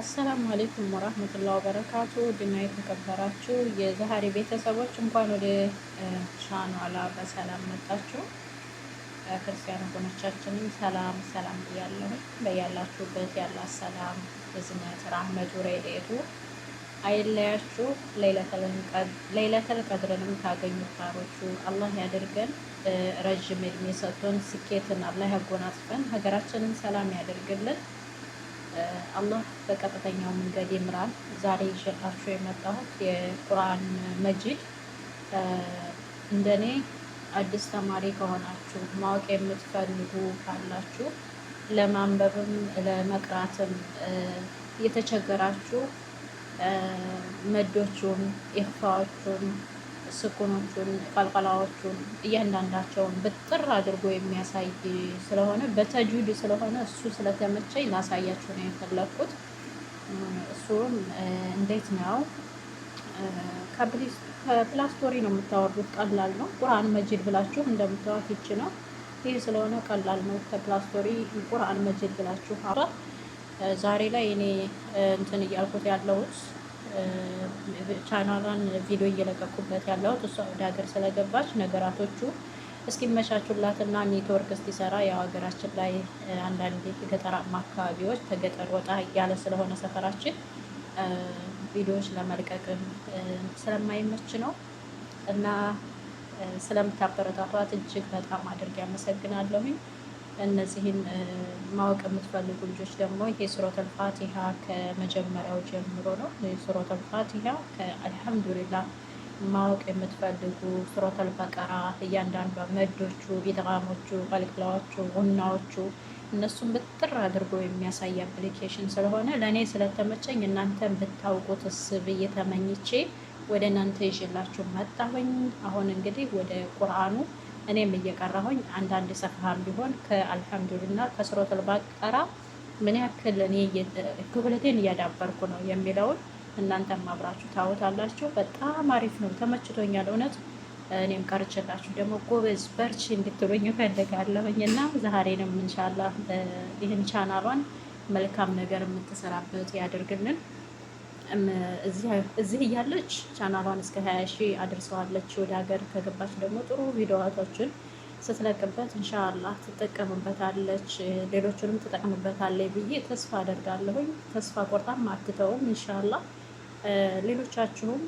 አሰላሙ አሌይኩም ወራህመቱላሂ ወበረካቱ ድና የተከበራችሁ የዛሀሪ ቤተሰቦች እንኳን ወደ ቻናሏ በሰላም መጣችሁ። ክርስቲያን ወገኖቻችንም ሰላም ሰላም እያለሁ በያላችሁበት ያላ ሰላም እዝነት ራህመቱ ረድኤቱ አይለያችሁ። ለይለተል ቀድርንም ታገኙ ታሮቹ አላህ ያደርገን ረዥም እድሜ ሰጥቶን ስኬትን አላህ ያጎናጽፈን። ሀገራችንን ሰላም ያደርግልን። አላህ በቀጥተኛው መንገድ ይምራል። ዛሬ ይዤላችሁ የመጣሁት የቁርአን መጂድ እንደኔ አዲስ ተማሪ ከሆናችሁ ማወቅ የምትፈልጉ ካላችሁ ለማንበብም ለመቅራትም የተቸገራችሁ መዶቹን ኢኽፋዎቹን ስኩኖቹን ቀልቀላዎቹን እያንዳንዳቸውን ብጥር አድርጎ የሚያሳይ ስለሆነ በተጁድ ስለሆነ እሱ ስለተመቸኝ ላሳያቸው ነው የፈለግኩት። እሱም እንዴት ነው ከፕላስቶሪ ነው የምታወርዱት። ቀላል ነው። ቁርአን መጅድ ብላችሁ እንደምታዋት ይች ነው። ይህ ስለሆነ ቀላል ነው። ከፕላስቶሪ ቁርአን መጅድ ብላችሁ ዛሬ ላይ እኔ እንትን እያልኩት ያለሁት ቻናሏን ቪዲዮ እየለቀኩበት ያለሁት እሷ ወደ ሀገር ስለገባች ነገራቶቹ እስኪመቻቹላትና ኔትወርክ እስኪሰራ ያው ሀገራችን ላይ አንዳንድ ገጠራማ አካባቢዎች ከገጠር ወጣ ያለ ስለሆነ ሰፈራችን ቪዲዮዎች ለመልቀቅም ስለማይመች ነው እና ስለምታበረታቷት እጅግ በጣም አድርጌ አመሰግናለሁኝ። እነዚህን ማወቅ የምትፈልጉ ልጆች ደግሞ ይሄ ሱረቱል ፋቲሃ ከመጀመሪያው ጀምሮ ነው። ሱረቱል ፋቲሃ አልሐምዱሊላህ ማወቅ የምትፈልጉ ሱረቱል በቀራ እያንዳንዷ መዶቹ፣ ኢድጋሞቹ፣ ቀልቅላዎቹ፣ ቡናዎቹ እነሱን ብጥር አድርጎ የሚያሳይ አፕሊኬሽን ስለሆነ ለእኔ ስለተመቸኝ እናንተን ብታውቁት ስብ እየተመኝቼ ወደ እናንተ ይዤላችሁ መጣሁኝ። አሁን እንግዲህ ወደ ቁርአኑ እኔም እየቀራሁኝ አንዳንድ ሰፍሃም ቢሆን ከአልሐምዱሊላ ከሱረቱል በቀራ ምን ያክል እኔ እያዳበርኩ ነው የሚለውን እናንተም አብራችሁ ታወታላችሁ። በጣም አሪፍ ነው፣ ተመችቶኛል እውነት። እኔም ቀርችላችሁ ደግሞ ጎበዝ በርቺ እንድትሉኝ እፈልጋለሁኝ እና ዛሬንም እንሻላ ይህን ቻናሏን መልካም ነገር የምትሰራበት ያደርግልን። እዚህ እያለች ቻናሏን እስከ ሀያ ሺህ አድርሰዋለች። ወደ ሀገር ከገባች ደግሞ ጥሩ ቪዲዮዋቶችን ስትለቅበት እንሻላ ትጠቀምበታለች፣ ሌሎችንም ትጠቅምበታለች ብዬ ተስፋ አደርጋለሁኝ። ተስፋ ቆርጣም አትተውም እንሻላ። ሌሎቻችሁም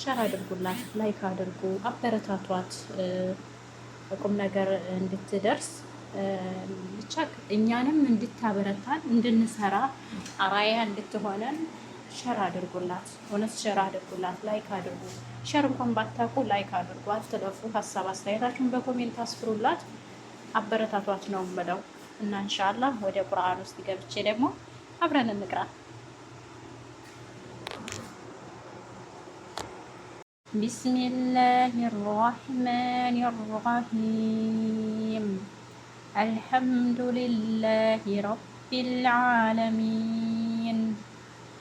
ሸር አድርጉላት፣ ላይክ አድርጉ፣ አበረታቷት ቁም ነገር እንድትደርስ ብቻ እኛንም እንድታበረታን እንድንሰራ አራያ እንድትሆነን ሸር አድርጉላት። እውነት ሸር አድርጉላት፣ ላይክ አድርጉ። ሸር እንኳን ባታውቁ ላይክ አድርጉ። አትለፉ። ሀሳብ አስተያየታችሁን በኮሜንት አስፍሩላት። አበረታቷት ነው ምለው እና እንሻላ ወደ ቁርአን ውስጥ ገብቼ ደግሞ አብረን እንቅራ። ቢስሚላህ ራህማን ራሂም አልሐምዱሊላህ ረቢል ዓለሚን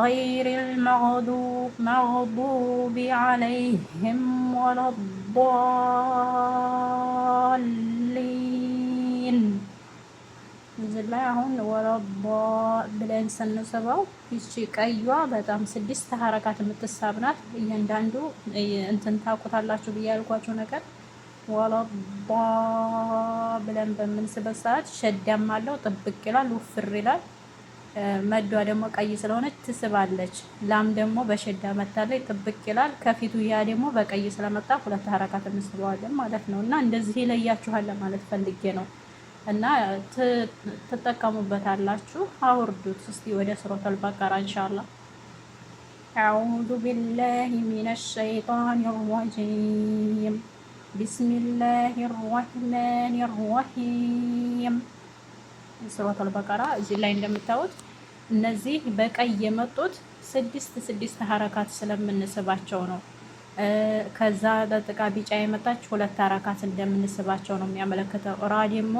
غير المغضوب عليهم ولا الضالين እዚህ ላይ አሁን ወረቦ ብለን ስንስበው ይቺ ቀዩዋ በጣም ስድስት ሀረካት የምትሳብ ናት። እያንዳንዱ እንትን ታውቁታላችሁ ብዬ ያልኳችሁ ነገር ወረቦ ብለን በምንስበት ሰዓት ሸዳም አለው፣ ጥብቅ ይላል፣ ውፍር ይላል። መዷ ደግሞ ቀይ ስለሆነች ትስባለች። ላም ደግሞ በሸዳ መታ ላይ ጥብቅ ይላል። ከፊቱ ያ ደግሞ በቀይ ስለመጣ ሁለት ሀረካት እንስበዋለን ማለት ነው። እና እንደዚህ ይለያችኋል ለማለት ፈልጌ ነው። እና ትጠቀሙበታላችሁ። አውርዱት እስቲ ወደ ሱረቱል በቀራ እንሻላ። አዑዙ ቢላሂ ሚነ ሸይጣን ረጂም ቢስሚላሂ ረህማን ረሂም ስሮተል በቀራ እዚህ ላይ እንደምታዩት እነዚህ በቀይ የመጡት ስድስት ስድስት ሀረካት ስለምንስባቸው ነው። ከዛ በጥቃ ቢጫ የመጣች ሁለት ሀረካት እንደምንስባቸው ነው የሚያመለክተው። ራ ደግሞ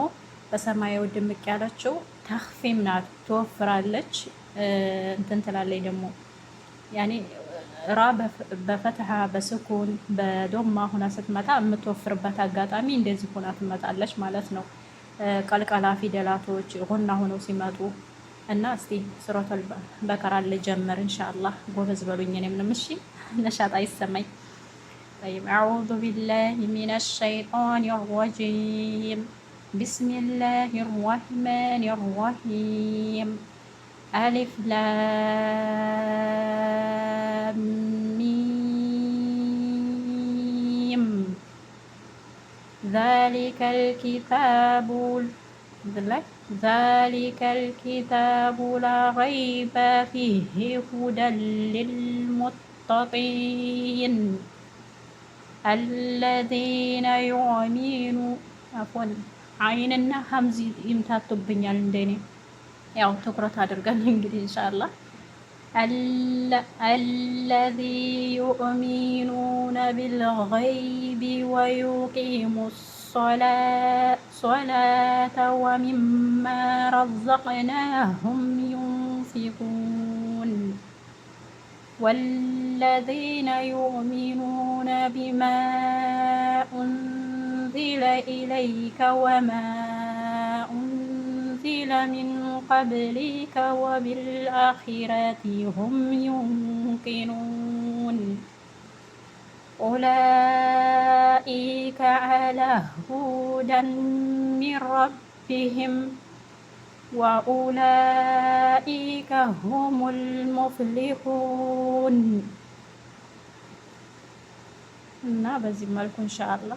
በሰማያዊ ድምቅ ያለችው ተክፊም ናት፣ ትወፍራለች፣ እንትን ትላለች ደግሞ ያኔ ራ በፈትሐ በስኩን በዶማ ሁና ስትመጣ የምትወፍርበት አጋጣሚ እንደዚህ ሁና ትመጣለች ማለት ነው። ቀልቀላ ፊደላቶች ጎና ሆነው ሲመጡ እና እስቲ ሱረቱል በቀራ ልጀምር ኢንሻአላህ። ጎበዝ በሉኝ። እኔ ምንም እሺ ነሻጣ ይሰማኝ። طيب أعوذ بالله من الشيطان الرجيم بسم الله الرحمن الرحيم ألف لام ذلك الكتاب ذلك الكتاب لا ريب فيه هدى للمتقين الذين يؤمنون عفوا عينና ሀምዝ يا እንደኔ ያው ትኩረት إن شاء الله الذي يؤمنون بالغيب ويقيم الصلاة ومما رزقناهم ينفقون والذين يؤمنون بما أنزل إليك وما أنزل من قبلك وبالآخرة هم يوقنون أولئك على هدى من ربهم وأولئك هم المفلحون እና نعم، إن شاء الله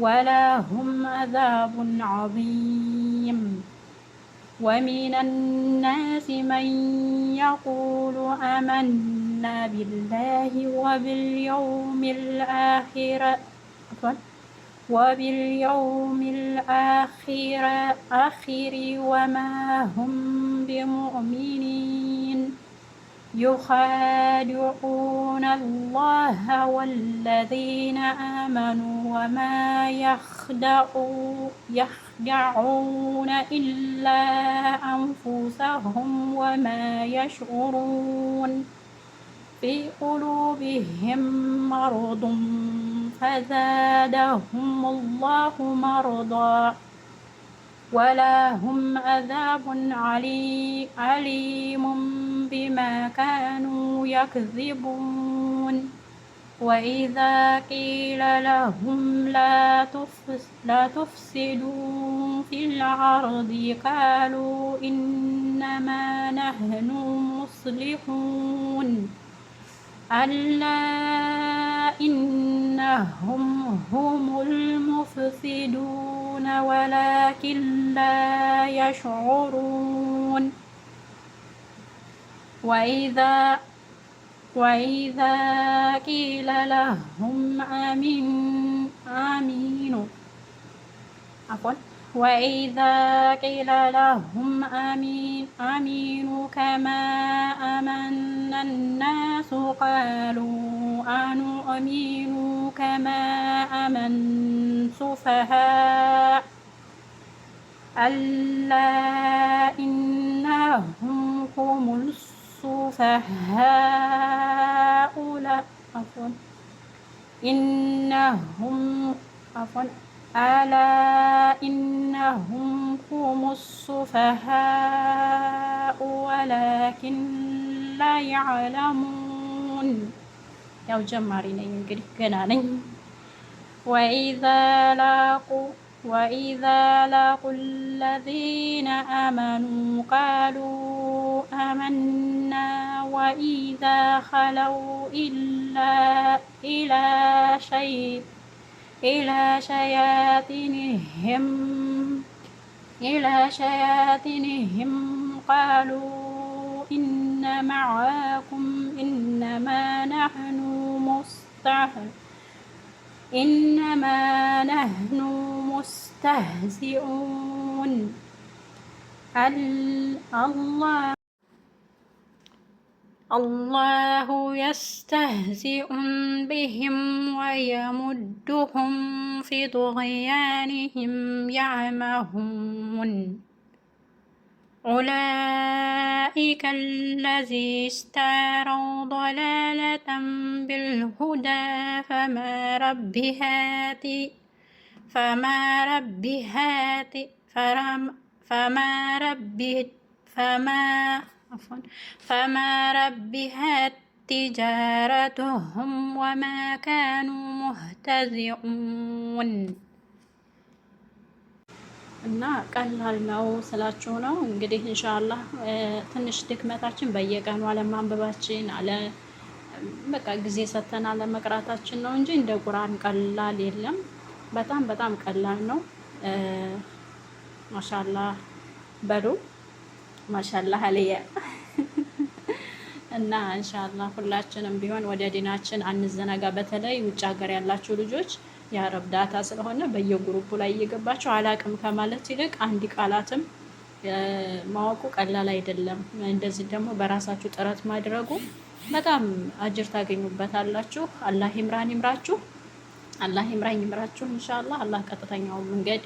ولهم عذاب عظيم ومن الناس من يقول آمنا بالله وباليوم الآخر وباليوم الآخر آخر وما هم بمؤمنين يخادعون الله والذين آمنوا وما يخدعون إلا أنفسهم وما يشعرون في قلوبهم مرض فزادهم الله مرضا ولا هم عذاب عليم بما كانوا يكذبون وإذا قيل لهم لا, تفس لا تفسدوا في الأرض قالوا إنما نحن مصلحون ألا إنهم هم المفسدون ولكن لا يشعرون وإذا وإذا قيل لهم آمين آمين عفوا وإذا قيل لهم آمين آمين كما آمن الناس قالوا أنؤمن كما آمن سفهاء ألا إنهم هم سفهاؤنا عفوا إنهم عفوا ألا إنهم هم السفهاء ولكن لا يعلمون يا جمارين ነኝ እንግዲህ وإذا لاقوا وإذا لاقوا الذين آمنوا قالوا آمنا وإذا خلوا إلا إلى شيء إلى شياطينهم إلى شياطينهم قالوا إن معكم إنما نحن مستهزئون إنما نحن مستهزئون الله الله يستهزئ بهم ويمدهم في طغيانهم يعمهون أولئك الذي اشتروا ضلالة بالهدى فما هاتي فما هاتي فما ربي فما عفوا فما ربحت تجارتهم وما كانوا مهتزئون እና ቀላል ነው ስላችሁ ነው እንግዲህ እንሻላህ ትንሽ ድክመታችን በየቀኑ አለማንበባችን አለ በቃ ጊዜ ሰተን አለመቅራታችን ነው እንጂ እንደ ቁርአን ቀላል የለም። በጣም በጣም ቀላል ነው። ማሻአላህ በሉ። ማሻላህ አለየ እና እንሻላህ ሁላችንም ቢሆን ወደ ዲናችን አንዘናጋ። በተለይ ውጭ ሀገር ያላችሁ ልጆች የአረብ ዳታ ስለሆነ በየግሩፑ ላይ እየገባችሁ አላቅም ከማለት ይልቅ አንድ ቃላትም ማወቁ ቀላል አይደለም። እንደዚህ ደግሞ በራሳችሁ ጥረት ማድረጉ በጣም አጅር ታገኙበታላችሁ። አላህ ይምራን ይምራችሁ። አላህ ይምራኝ ይምራችሁ። እንሻላህ አላህ ቀጥተኛውን መንገድ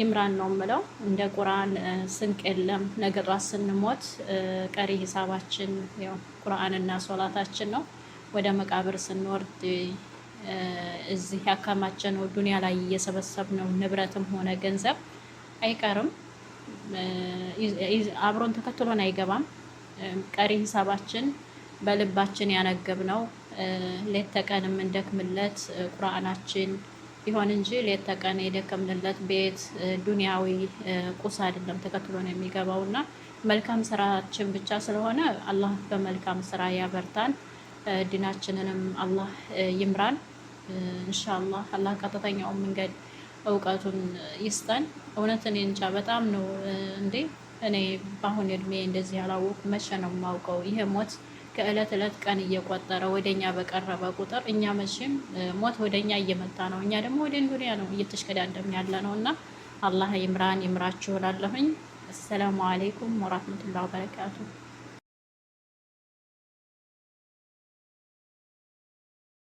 ይምራን ነው የምለው። እንደ ቁርአን ስንቅ የለም። ነገ ጧት ስንሞት ቀሪ ሂሳባችን ያው ቁርአንና ሶላታችን ነው። ወደ መቃብር ስንወርድ እዚህ ያከማቸነው ዱንያ ላይ እየሰበሰብነው ንብረትም ሆነ ገንዘብ አይቀርም፣ አብሮን ተከትሎን አይገባም። ቀሪ ሂሳባችን በልባችን ያነገብነው ሌት ተቀን የምንደክምለት ቁርአናችን ይሆን እንጂ ሌት ተቀን የደከምንለት ቤት ዱንያዊ ቁስ አይደለም ተከትሎ ነው የሚገባው እና መልካም ስራችን ብቻ ስለሆነ አላህ በመልካም ስራ ያበርታን፣ ዲናችንንም አላህ ይምራን። እንሻላ አላህ ቀጥተኛውን መንገድ እውቀቱን ይስጠን። እውነት እኔ እንጃ በጣም ነው እንዴ እኔ በአሁን እድሜ እንደዚህ ያላወቅ መቼ ነው የማውቀው ይሄ ሞት ከእለት እለት ቀን እየቆጠረ ወደኛ በቀረበ ቁጥር እኛ መቼም ሞት ወደኛ እየመጣ ነው፣ እኛ ደግሞ ወደ ዱንያ ነው እየተሽቀዳደም ያለ ነው እና አላህ ይምራን ይምራችሁ እላለሁኝ። አሰላሙ አሌይኩም ወራህመቱላህ ወበረካቱ